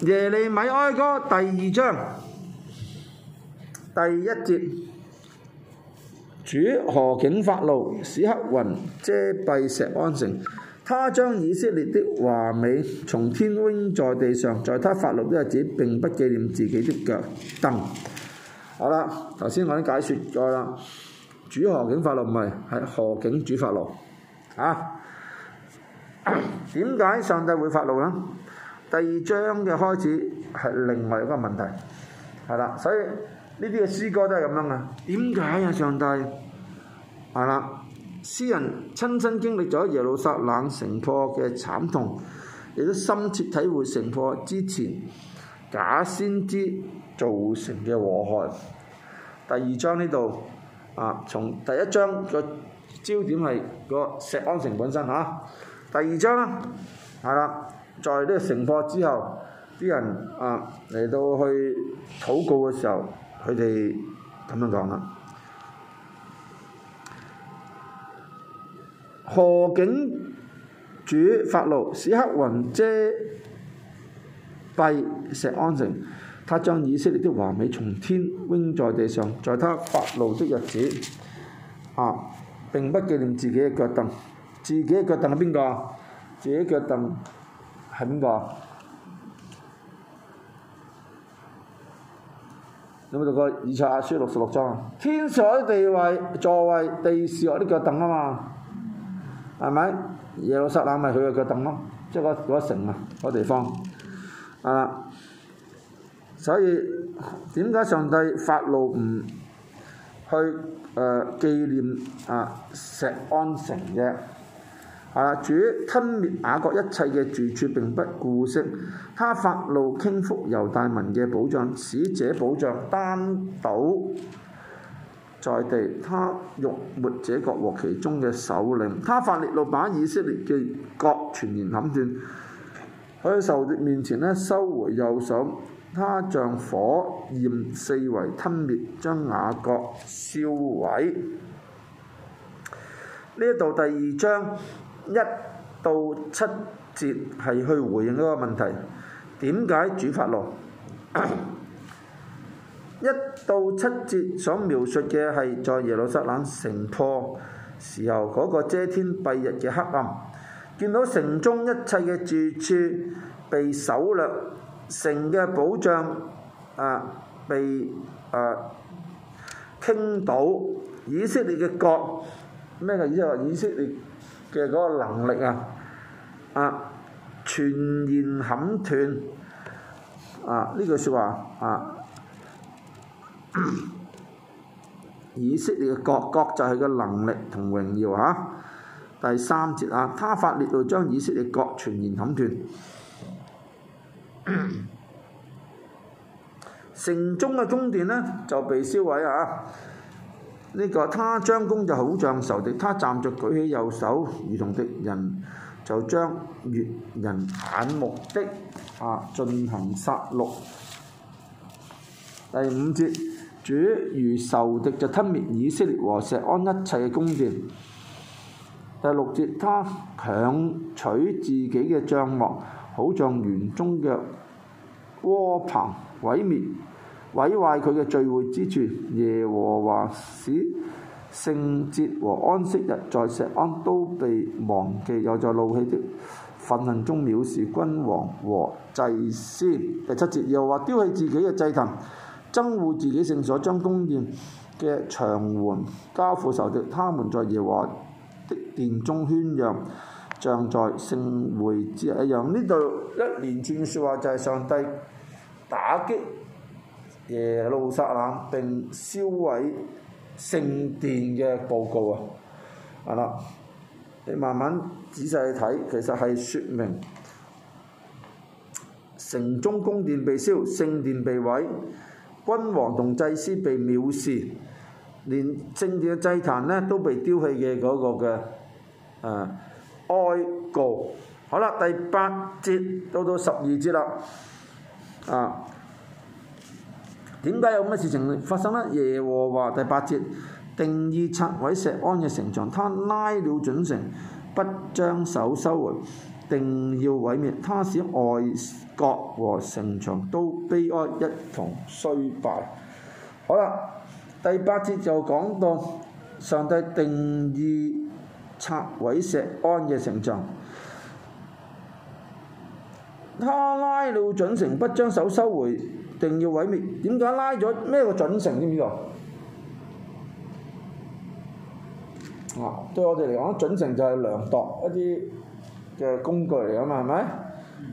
耶利米哀歌第二章第一節主何景發怒，使黑雲遮蔽錫安城。他將以色列的華美從天扔在地上，在他發怒的日子，並不紀念自己的腳凳。好啦，頭先我啲解說咗啦，主何景發怒唔係，係何景主發怒。啊，點解上帝會發怒呢？第二章嘅開始係另外一個問題，係啦，所以呢啲嘅詩歌都係咁樣嘅。點解啊？上帝係啦，詩人親身經歷咗耶路撒冷城破嘅慘痛，亦都深切體會城破之前假先知造成嘅禍害。第二章呢度啊，從第一章個、啊、焦點係個錫安城本身嚇、啊，第二章啦，係啦。在呢個城破之後，啲人啊嚟到去禱告嘅時候，佢哋咁樣講啦。 何竟主發怒，使黑雲遮蔽錫安城。他將以色列的華美從天扔在地上。在他發怒的日子，啊，並不記念自己嘅腳凳。自己嘅腳凳係邊個？自己嘅腳凳。係邊個？有冇讀過《以賽亞書》六十六章？天水地位，座位地係，我啲腳凳啊嘛，係咪耶路撒冷咪佢個腳凳咯？即係嗰嗰城啊，嗰地方啊，所以點解上帝發怒唔去誒、呃、紀念啊錫安城啫？主吞滅雅各一切嘅住處並不顧惜，他發怒傾覆猶大民嘅保障，使這保障坍倒在地。他辱沒這國和其中嘅首領，他發烈怒把以色列嘅角全然砍斷。喺仇敵面前咧，收回右手，他像火焰四圍吞滅，將雅各燒毀。呢度第二章。一到七節係去回應嗰個問題，點解主發怒？ 一到七節所描述嘅係在耶路撒冷城破時候嗰個遮天蔽日嘅黑暗，見到城中一切嘅住處被搜掠，城嘅保障、呃、被啊、呃、傾倒，以色列嘅國咩意思？之後以色列。嘅嗰個能力啊，啊，全然砍斷啊，呢句説話啊，啊，以色列嘅角角就係個能力同榮耀嚇、啊。第三節啊，他發烈怒將以色列角全然砍斷，城中嘅宮殿呢，就被燒毀嚇、啊。呢、這個他張弓就好像仇敵，他站着舉起右手，如同敵人就將悅人眼目的啊進行殺戮。第五節主如仇敵就吞滅以色列和錫安一切嘅宮殿。第六節他強取自己嘅帳幕，好像園中嘅窩棚毀滅。毀壞佢嘅聚會之處，耶和華使聖節和安息日在錫安都被忘記，又在怒氣的憤恨中藐視君王和祭司。第七節又話丟棄自己嘅祭壇，憎惡自己聖所，將宮殿嘅牆垣交付仇敵。他們在耶和華的殿中喧嚷，像在聖會之日一樣。又呢度一連串説話就係上帝打擊，耶路撒冷並燒毀聖殿嘅報告啊，係啦，你慢慢仔細去睇，其實係説明城中宮殿被燒，聖殿被毀，君王同祭司被藐視，連聖殿嘅祭壇呢都被丟棄嘅嗰個嘅啊哀告。好啦，第八節到到十二節啦，啊。點解有咁嘅事情發生呢？耶和華第八節定意拆毀錫安嘅城牆，他拉了準繩，不將手收回，定要毀滅。他使外郭和城牆都悲哀，一同衰敗。好啦，第八節就講到上帝定意拆毀錫安嘅城牆，他拉了準繩，不將手收回。一定要毀滅？點解拉咗咩個準繩？知唔知道？啊，對我哋嚟講，準繩就係量度一啲嘅工具嚟噶嘛，係咪？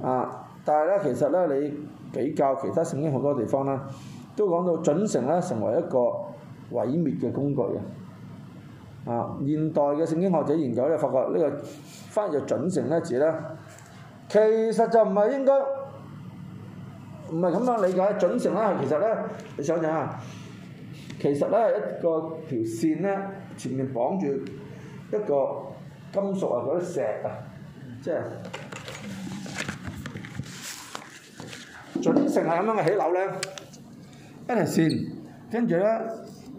啊，但係咧，其實咧，你比較其他聖經好多地方咧，都講到準繩咧成為一個毀滅嘅工具嘅。啊，現代嘅聖經學者研究咧，發覺個呢個翻譯準繩呢字咧，其實就唔係應該。唔係咁樣理解，準繩咧係其實咧，你想像下，其實咧一個條線咧前面綁住一個金屬啊嗰啲石啊，即係準繩係咁樣嘅起樓咧，一條線，跟住咧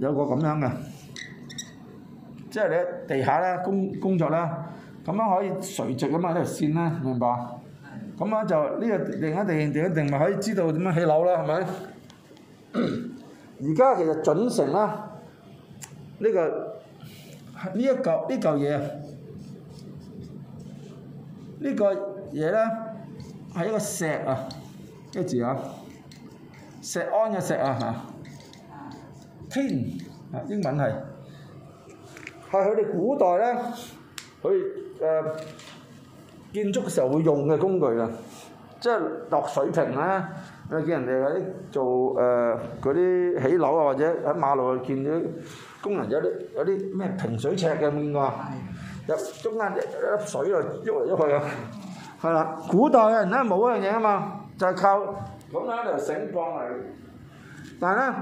有個咁樣嘅，即係你喺地下咧工工作啦，咁樣可以垂直啊嘛，一條線啦，明白？咁啊就呢個另一定定一定咪可以知道點樣起樓啦，係咪？而家其實準繩啦，呢個呢一嚿呢嚿嘢，呢個嘢咧係一個石啊，啲字啊，石安嘅石啊嚇，聽啊英文係係佢哋古代咧，佢誒。建築嘅時候會用嘅工具啦，即係落水平啦。你見人哋喺做誒嗰啲起樓啊，或者喺馬路見啲工人有啲有啲咩平水尺嘅，見過？有中間一粒水喎，喐嚟喐去嘅。係啦，古代嘅人咧冇一樣嘢啊嘛，就係靠咁喺度條繩放嚟。但係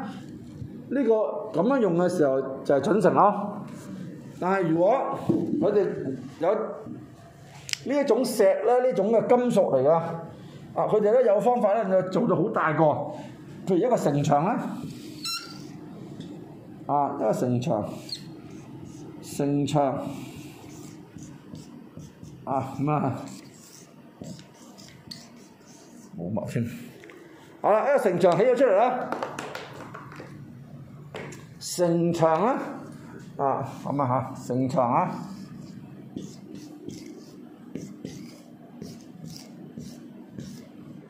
咧，呢個咁樣用嘅時候就係準繩咯。但係如果我哋有。呢一種石咧，呢種嘅金屬嚟㗎。啊，佢哋咧有方法就做到好大個。譬如一個城牆咧，啊，一個城牆，城牆，啊咁啊。冇脈先。好啦，一個城牆起咗出嚟啦。城牆啦，啊咁啊嚇，城牆啊。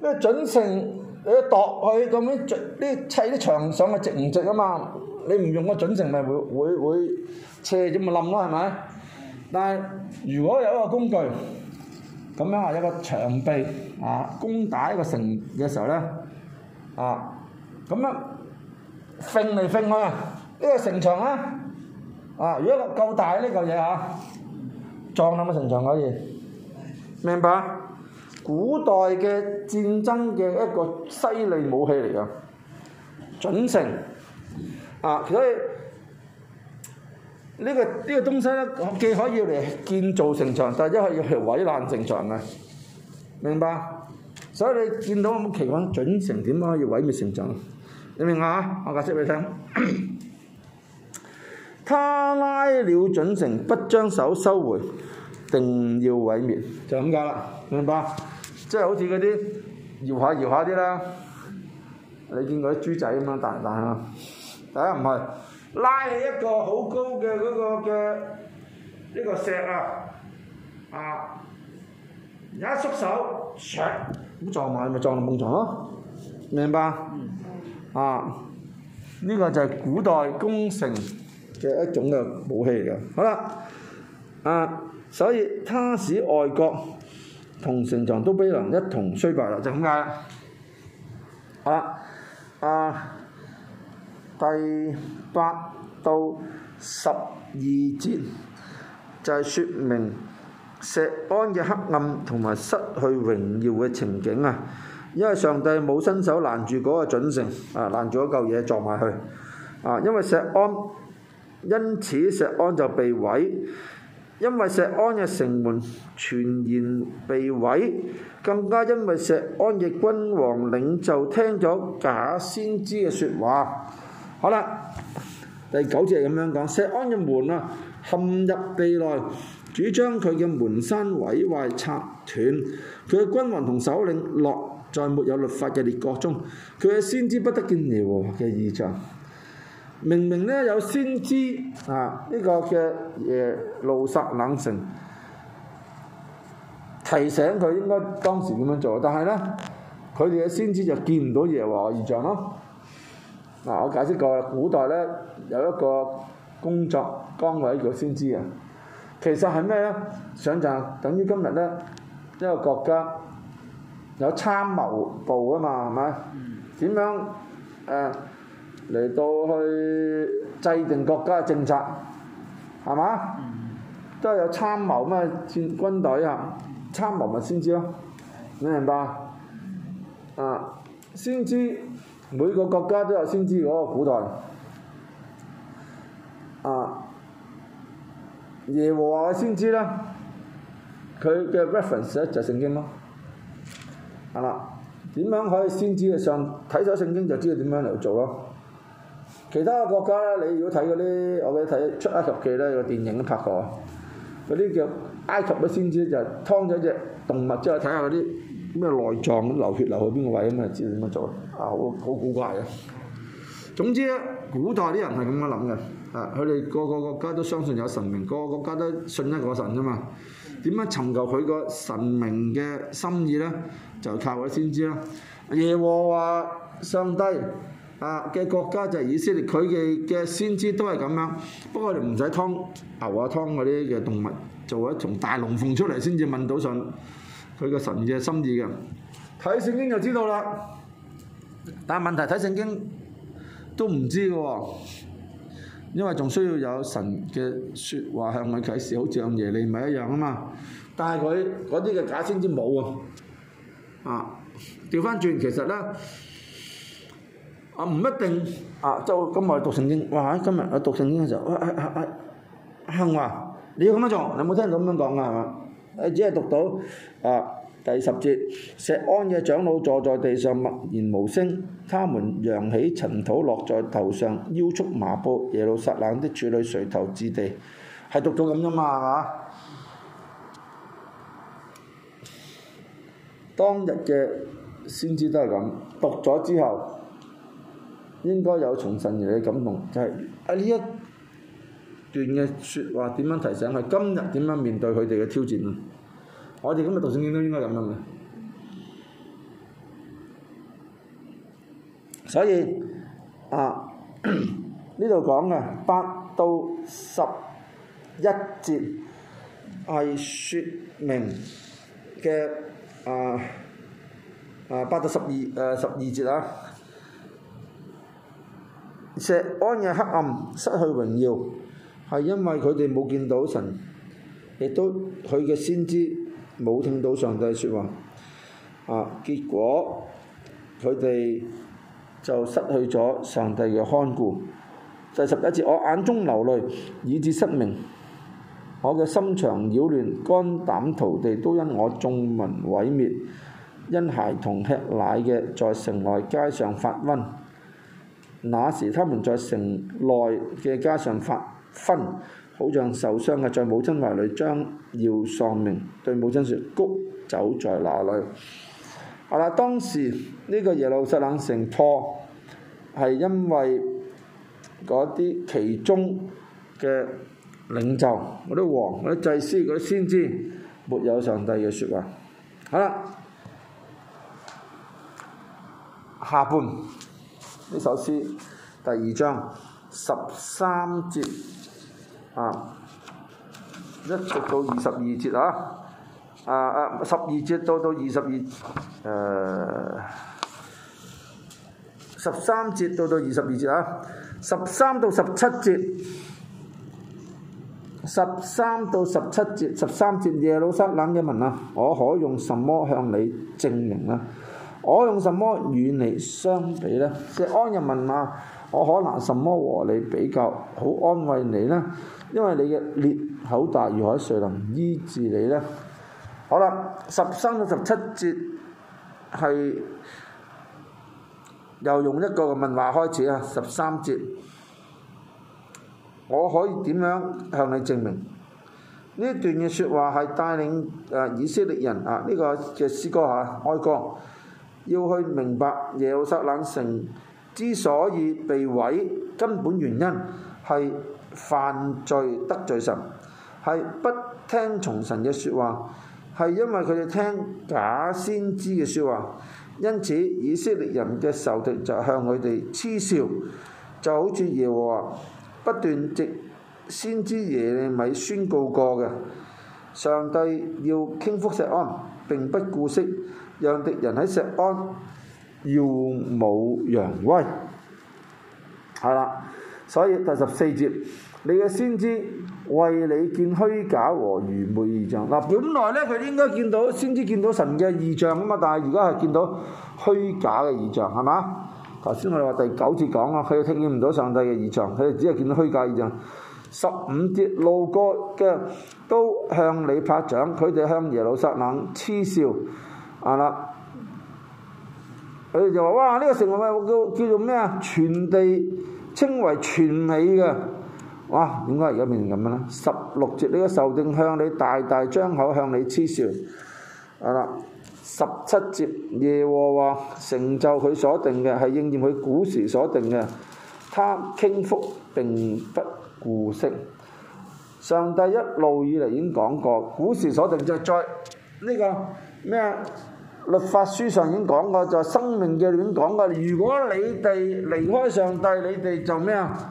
咩準繩，你去度去咁樣，呢砌啲牆上去，直唔直啊嘛？你唔用個準繩咪會會會斜咁咪冧咯，係咪？但係如果有一個工具，咁樣話一個牆壁啊，攻打一個城嘅時候咧，啊，咁啊，揈嚟揈去，呢、呢個城牆咧，啊，如果夠大呢嚿嘢嚇，撞到個城牆可以，明白？古代嘅戰爭嘅一個犀利武器嚟噶，準繩啊，所以呢個呢個東西咧，既可以嚟建造城牆，但係一係要去毀爛城牆嘅。明白？所以你見到我冇講準繩點樣可以毀滅城牆，你明嘛？我解釋俾你聽，他拉了準繩，不將手收回，定要毀滅，就咁解啦，明白？即係好似嗰啲搖下搖下啲啦，你見過嗰啲豬仔咁樣彈彈啊？第一唔係拉起一個好高嘅嗰嘅呢個石啊，啊一縮手，咁撞埋咪撞到木床咯，明唔明白？啊，呢、呢個就係古代攻城嘅一種嘅武器嚟嘅。好啦，啊，所以它使外國。同城牆都俾人一同衰敗啦，就咁解啦。啊，第八到十二節就係説明石安嘅黑暗同埋失去榮耀嘅情景啊。因為上帝冇伸手攔住嗰個準繩啊，攔住嗰嚿嘢撞埋去啊。因為石安，因此石安就被毀。因為錫安嘅城門全然被毀，更加因為錫安嘅君王領袖聽咗假先知嘅説話。好啦，第九節係咁樣講，錫安嘅門啊，陷入地內，主將佢嘅門山毀壞拆斷，佢嘅君王同首領落在沒有律法嘅列國中，佢嘅先知不得見耶和嘅異象。明明呢，有先知啊，呢、這個嘅耶路撒冷城提醒佢應該當時點樣做，但係呢，佢哋嘅先知就見唔到耶和華異象咯。嗱、啊，我解釋過啦，古代呢，有一個工作崗位叫先知啊，其實係咩呢？想像等於今日呢，一個國家有參謀部啊嘛，係咪？點樣誒？啊嚟到去制定國家嘅政策，係嘛？嗯、都係有參謀咩啊，戰軍隊啊，參謀咪先知咯，明唔明白啊？先知每個國家都有先知嗰個古代啊，耶和華嘅先知啦，佢嘅 reference 就係聖經咯、啊，係啦，點樣可以先知嘅上睇咗聖經就知道點樣嚟做咯、啊。其他國家咧，你如果睇嗰啲，我畀你睇出埃及記咧個電影拍過，嗰啲叫埃及嘅先知就劏咗隻動物，之後睇下嗰啲咩內臟流血流去邊個位咁啊，知點樣做啊，好好古怪嘅。總之咧，古代啲人係咁樣諗嘅，啊，佢哋個個國家都相信有神明，個個國家都信一個神啫嘛。點樣尋求佢個神明嘅心意咧？就靠啲先知啦，耶和華上帝。啊嘅國家就係以色列，佢哋嘅先知都係咁樣。不過我哋唔使劏牛啊、劏嗰啲嘅動物，做一從大龍鳳出嚟先至問到上佢個神嘅心意嘅。睇聖經就知道啦。但係問題睇聖經都唔知嘅喎，因為仲需要有神嘅説話向我啟示，好似耶利米一樣啊嘛。但係佢嗰啲嘅假先知冇啊。啊，調翻轉其實咧～唔一定啊！就今日讀聖經，哇！今日我讀聖經嘅時候，啊啊啊啊！向、啊、話、啊啊、你要咁樣做，你冇聽到咁樣講㗎？係嘛？啊！只係讀到啊第十節，錫安嘅長老坐在地上默然無聲，他們揚起塵土落在頭上，腰束麻布，耶路撒冷的處女垂頭至地，係讀到咁㗎嘛？係、啊、嘛、啊？當日嘅先知都係咁，讀咗之後。應該有從神而嚟嘅感動，就係喺呢一段嘅説話點樣提醒佢今日點樣面對佢哋嘅挑戰啊？我哋今日讀聖經都應該咁樣嘅， 所以啊，呢度講嘅八到十一節係説明嘅，啊啊八到十二誒十二節啊。錫安嘅黑暗失去榮耀，係因為佢哋冇見到神，亦都佢嘅先知冇聽到上帝說話。啊！結果佢哋就失去咗上帝嘅看顧。第十一節， 我眼中流淚，以致失明；我嘅心腸擾亂，肝膽塗地，都因我眾民毀滅，因孩童吃奶嘅，在城內街上發瘟。那時，他們在城內嘅街上發昏，好像受傷嘅，在母親懷裡將要喪命，對母親説：穀酒在哪裏？好啦，當時呢個耶路撒冷城破，係因為嗰啲其中嘅領袖，嗰啲王、嗰啲祭司、嗰啲先知，沒有上帝嘅説話。好啦，下半。呢首詩第二章十三節啊，一直到二十二節啊，啊啊十二節到到二十二，誒、啊、十三節到到二十二節啊，十三到十七節，十三到十七節，十三節耶路撒冷嘅文啊，我可用什麼向你證明啊？我用什麼與你相比呢？錫安人問話，我可拿什麼和你比較好安慰你呢？因為你嘅裂口大如海，誰能醫治你呢？好啦，十三到十七節係又用一個嘅問話開始啊！十三節，我可以點樣向你證明呢段嘅説話係帶領以色列人啊？呢、這個嘅詩歌呀，哀歌。要去明白耶路撒冷城之所以被毀根本原因，係犯罪得罪神，係不聽從神嘅說話，係因為佢哋聽假先知嘅說話，因此以色列人嘅仇敵就向佢哋恥笑，就好似耶和華不斷直先知耶利米宣告過嘅，上帝要傾覆錫安並不顧惜。讓敵人喺錫安耀武揚威，係啦。所以第十四節，你嘅先知為你見虛假和愚昧異象。嗱，本來咧佢應該見到，先知見到神嘅異象啊嘛，但係而家係見到虛假嘅異象，係嘛？頭先我哋話第九節講啊，佢哋聽見唔到上帝嘅異象，佢哋只係見到虛假異象。十五節，路過嘅都向你拍掌，佢哋向耶路撒冷嗤笑。啊啦！佢哋就話：哇！呢、這個城咪叫叫做咩啊？全地稱為全美嘅。哇！點解而家變成咁樣呢？十六節，呢個仇敵向你大大張口，向你恥笑。啊啦！十七節，耶和華成就佢所定嘅，係應驗佢古時所定嘅。他傾覆並不顧惜。上帝一路以嚟已經講過，古時所定就係呢、這個咩啊？律法書上已經講過，就係、是、申命記裏面講過。如果你哋離開上帝，你哋就咩啊？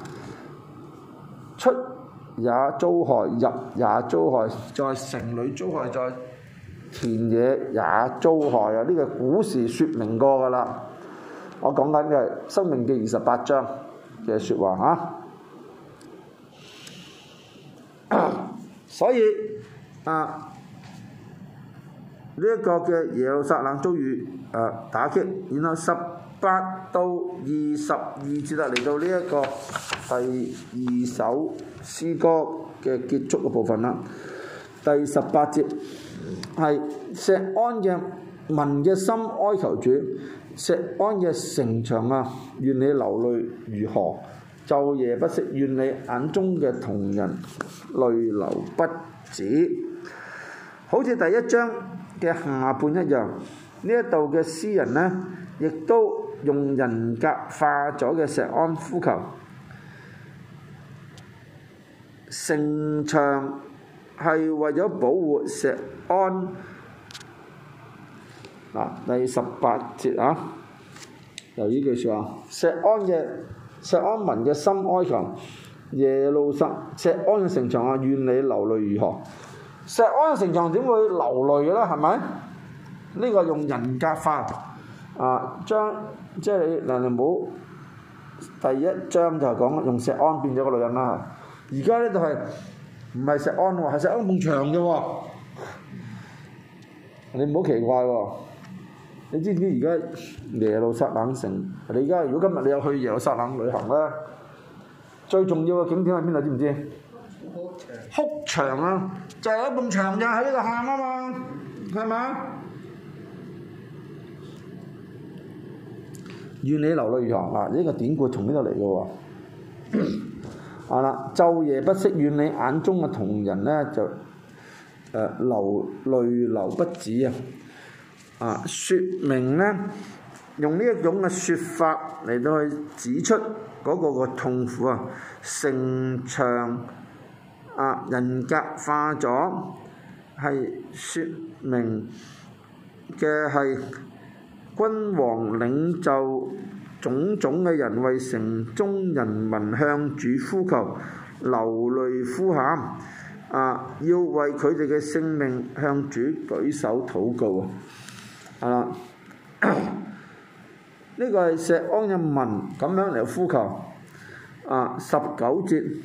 出也遭害，入也遭害，在城裏遭害，在田野也遭害。有呢個古時説明過噶啦。我講緊嘅申命記二十八章嘅説話啊。 所以啊。呢一個嘅耶路撒冷遭遇啊打擊。然後十八到二十二節啊，嚟到呢一個第二首詩歌嘅結束嘅部分啦、啊。第十八節係錫安嘅民嘅心哀求主，錫安嘅城牆啊，願你流淚如河，晝夜不息，願你眼中嘅瞳人淚流不止，好似第一章。嘅下半一樣，呢一度嘅詩人呢，亦都用人格化咗嘅石安呼求，城牆係為咗保護石安。嗱、啊，第十八節啊，由呢句説話，石安嘅石安民嘅心哀求，耶路撒石安嘅城牆啊，願你流淚如河？石安城牆點會流淚嘅啦？係咪？呢、這個用人格化啊，將即係你，嗱你冇第一章就係講用石安變咗個女人啦。而家咧就係唔係石安喎，係石安夢牆嘅喎。你唔好奇怪喎、啊。你知唔知而家耶路撒冷城？你而家如果今日你有去耶路撒冷旅行咧，最重要嘅景點喺邊度？知唔知？哭牆啊，就係、一埲牆就喺呢度喊啊嘛，係咪？願你流淚如河啊！呢、呢個典故從呢度嚟嘅喎，好啦，晝夜不息，願你眼中嘅瞳人呢，就、呃、流淚流不止啊！啊，說明呢，用呢一種嘅説法嚟到去指出嗰個痛苦啊，成長。啊，人格化咗，係說明嘅係君王領袖種種嘅人為城中人民向主呼求，流淚呼喊，啊，要為佢哋嘅性命向主舉手禱告啊！啦，呢個係錫安人民咁樣嚟呼求啊，十九節。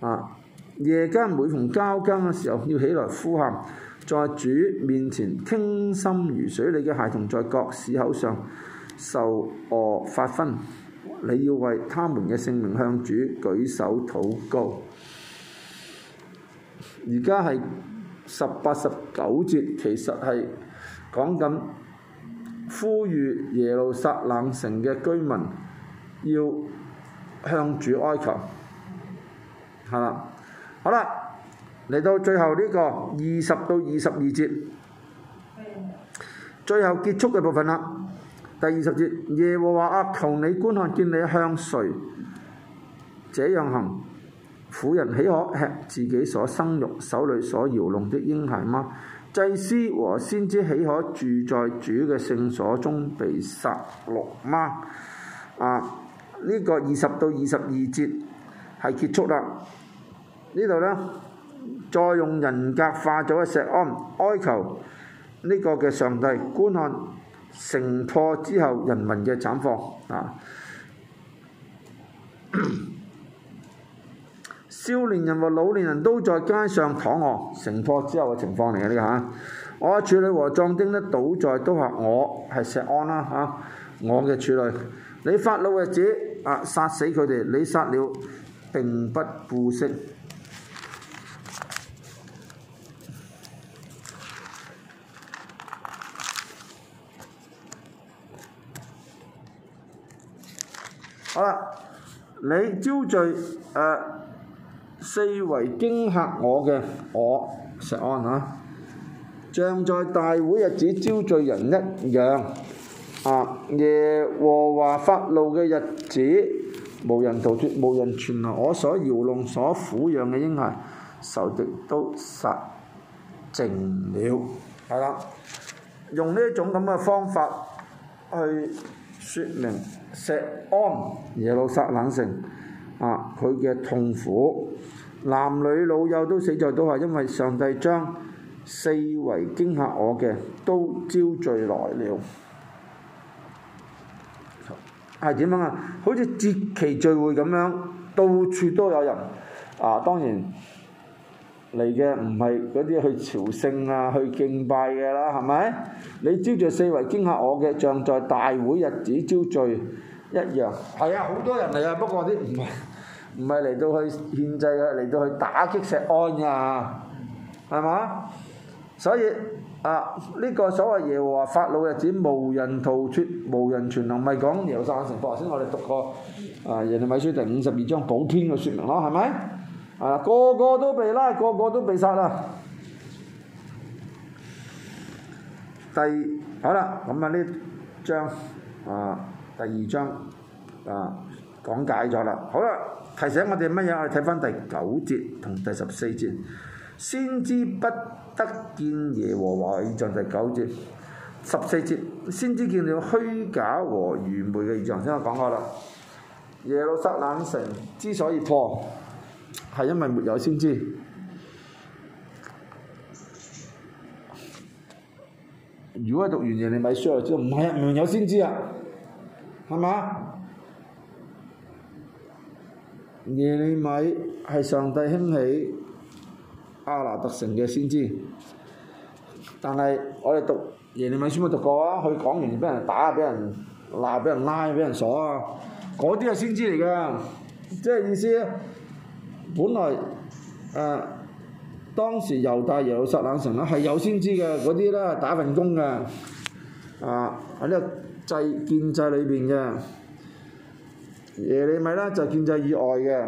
啊，夜間每逢交更嘅時候，要起來呼喊，在主面前傾心如水。你嘅孩童在各市口上受餓發昏，你要為他們嘅性命向主舉手禱告。而家係十八十九節，其實係講緊呼籲耶路撒冷城嘅居民要向主哀求。係啦，好啦，嚟到最後呢個二十到二十二節，最後結束嘅部分啦。第二十節，耶和華啊，求你觀看，見你向誰這樣行？婦人豈可吃自己所生育、手裏所搖弄的嬰孩嗎？祭司和先知豈可住在主嘅聖所中被殺戮嗎？啊，呢個二十到二十二節係結束啦。呢度呢，再用人格化咗嘅石安哀求呢個嘅上帝觀看城破之後人民嘅慘況啊！少年人和老年人都在街上躺卧，城破之後嘅情況嚟嘅呢嚇。我處女和壯丁呢，倒在，都話我係石安啦嚇，我嘅處女，你發怒嘅子啊，殺死佢哋，你殺了並不顧惜。好啦，你招聚誒、呃、四圍驚嚇我嘅我，石安啊，像在大會日子招聚人一樣啊！耶和華發怒嘅日子，無人逃脱，無人存活。我所搖弄、所撫養嘅嬰孩，仇敵都殺淨了。係、啊、啦，用呢一種咁嘅方法去。説明，錫安耶路撒冷城啊，佢嘅痛苦，男女老幼都死在，都係因為上帝將四圍驚嚇我嘅都招聚來了。係點樣啊？樣好似節期聚會咁樣，到處都有人啊！當然。嚟嘅唔係嗰啲去朝聖啊，去敬拜嘅啦，係咪？你招聚四圍驚嚇我嘅，像在大會日子招聚一樣。係啊，好多人嚟啊，不過啲唔係唔係嚟到去獻祭啊，嚟到去打擊錫安啊，係嘛？所以啊，呢、這個所謂耶和華發怒日子，無人逃脫，無人存留，咪講耶路撒冷城破頭先，我哋讀過啊，耶利米書第五十二章補天嘅説明咯，係咪？係啦，個個都被拉，個個都被殺啦。第好啦，咁啊呢章啊第二章啊講解咗啦。好啦，提醒我哋乜嘢？我哋睇翻第九節同第十四節，先知不得見耶和華異象。第九節、十四節，先知見到虛假和愚昧嘅異象。先我講過啦，耶路撒冷城之所以破。係因為沒有先知，如果係讀完耶利米書啊，知道唔係入面有先知啊，係嘛？耶利米係上帝興起亞拿突城嘅先知，但係我哋讀耶利米書冇讀過啊！佢講完俾人打，俾人鬧，俾人拉，俾人鎖啊！嗰啲係先知嚟噶，即係意思。本來誒、啊、當時猶大耶路撒冷城咧，係有先知嘅，嗰啲啦，打份工嘅啊，喺呢個制建制裏邊嘅耶利米啦，就是、建制以外嘅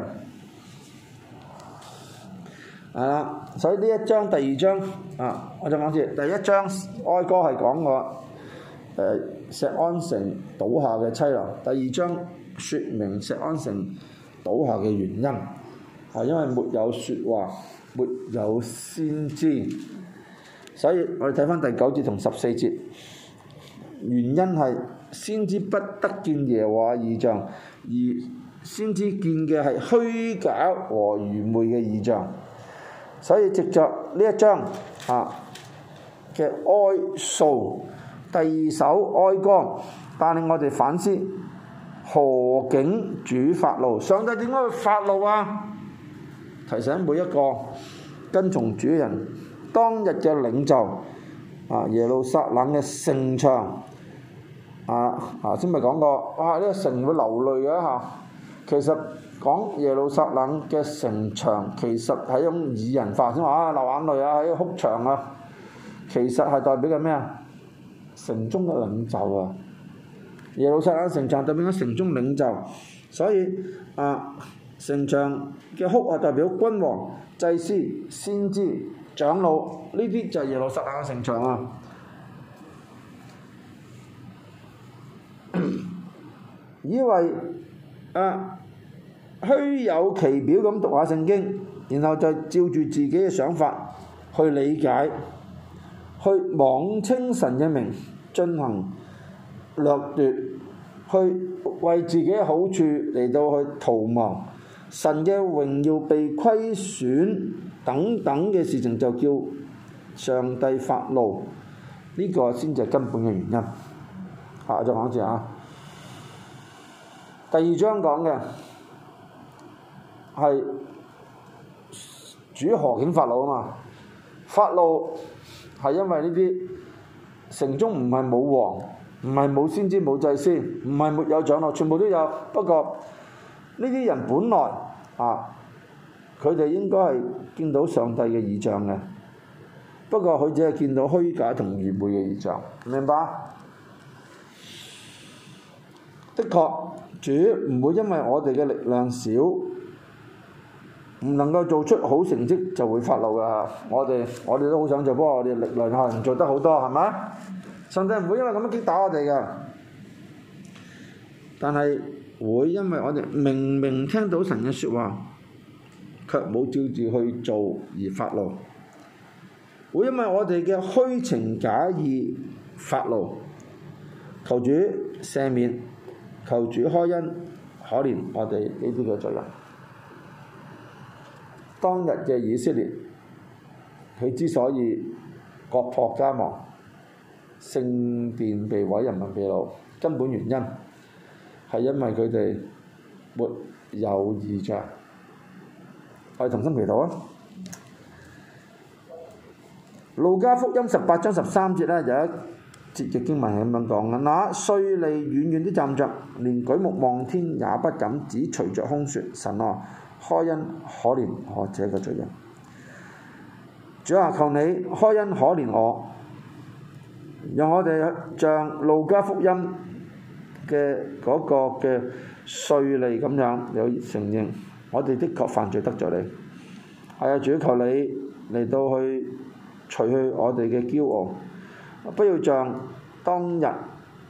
係啦。所以呢一章第二章啊，我再講一次，第一章哀歌係講我誒、啊、石安城倒下嘅淒涼，第二章説明石安城倒下嘅原因。係因為沒有説話，沒有先知，所以我哋睇翻第九節同十四節，原因係先知不得見耶和華異象，而先知見嘅係虛假和愚昧嘅異象。所以藉着呢一章啊嘅哀訴，第二首哀歌，帶領我哋反思何竟主發怒，上帝點解會發怒啊？提醒每一個跟從主人當日嘅領、啊啊啊啊啊啊、領袖啊，耶路撒冷嘅城牆啊啊，頭先咪講過哇？呢個城會流淚嘅嚇。其實講耶路撒冷嘅城牆，其實係一種擬人化先話啊，流眼淚啊，喺度哭牆啊。其實係代表嘅咩啊？城中嘅領袖啊，耶路撒冷城牆代表咗城中領袖，所以啊。城牆嘅哭啊，代表君王、祭司、先知、長老呢啲就係耶路撒冷嘅城牆啊！ 以為啊虛有其表咁讀下聖經，然後就照住自己嘅想法去理解，去妄稱神嘅名，進行掠奪，去為自己嘅好處嚟到去逃亡。神嘅榮耀被虧損等等嘅事情就叫上帝發怒，呢、這個先至係根本嘅原因。下再講次啊，第二章講嘅係主何竟發怒啊嘛，發怒係因為呢啲城中唔係冇王，唔係冇先知冇祭司，唔係沒有長老，全部都有，不過。呢啲人本來啊，佢哋應該係見到上帝嘅異象嘅，不過佢只係見到虛假同愚昧嘅異象，明白？的確，主唔會因為我哋嘅力量少，唔能夠做出好成績就會發怒㗎。我哋我哋都好想做，不過我哋力量可唔做得好多，係咪？上帝唔會因為咁樣擊打我哋㗎，但係。會因為我哋明明聽到神嘅説話，卻冇照住去做而發怒；會因為我哋嘅虛情假意發怒。求主赦免，求主開恩，可憐我哋呢啲嘅罪人。當日嘅以色列，佢之所以國破家亡、聖殿被毀、人民被擄，根本原因，係因為佢哋沒有意義，我哋重新祈禱啊！路加福音十八章十三節呢，有一節嘅經文係咁樣講嘅。那稅吏遠遠地站着，連舉目望天也不敢，只捶著胸説：神啊，開恩可憐我這個罪人！主啊，求你開恩可憐我，讓我哋像路加福音。嘅嗰個嘅稅利咁樣有承認，我哋的確犯罪得罪你，係、哎、啊！主求你嚟到去除去我哋嘅驕傲，不要像當日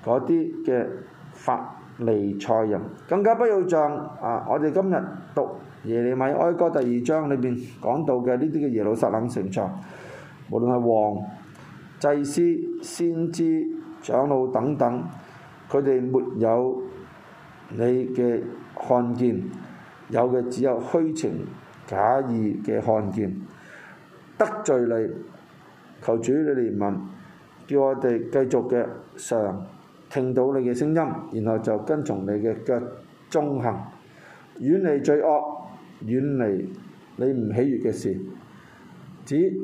嗰啲嘅法利賽人，更加不要像啊！我哋今日讀耶利米哀歌第二章裏面講到嘅呢啲嘅耶路撒冷城牆，無論係王、祭司、先知、長老等等。佢哋沒有你嘅看見，有嘅只有虛情假意嘅看見。得罪你，求主你憐憫，叫我哋繼續嘅常，聽到你嘅聲音，然後就跟從你嘅腳蹤行，遠離罪惡，遠離你唔喜悅嘅事，只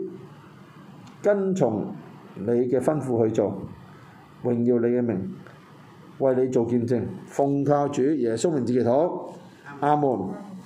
跟從你嘅吩咐去做，榮耀你嘅名。為你做見證，奉靠主耶穌名字祈禱，阿門。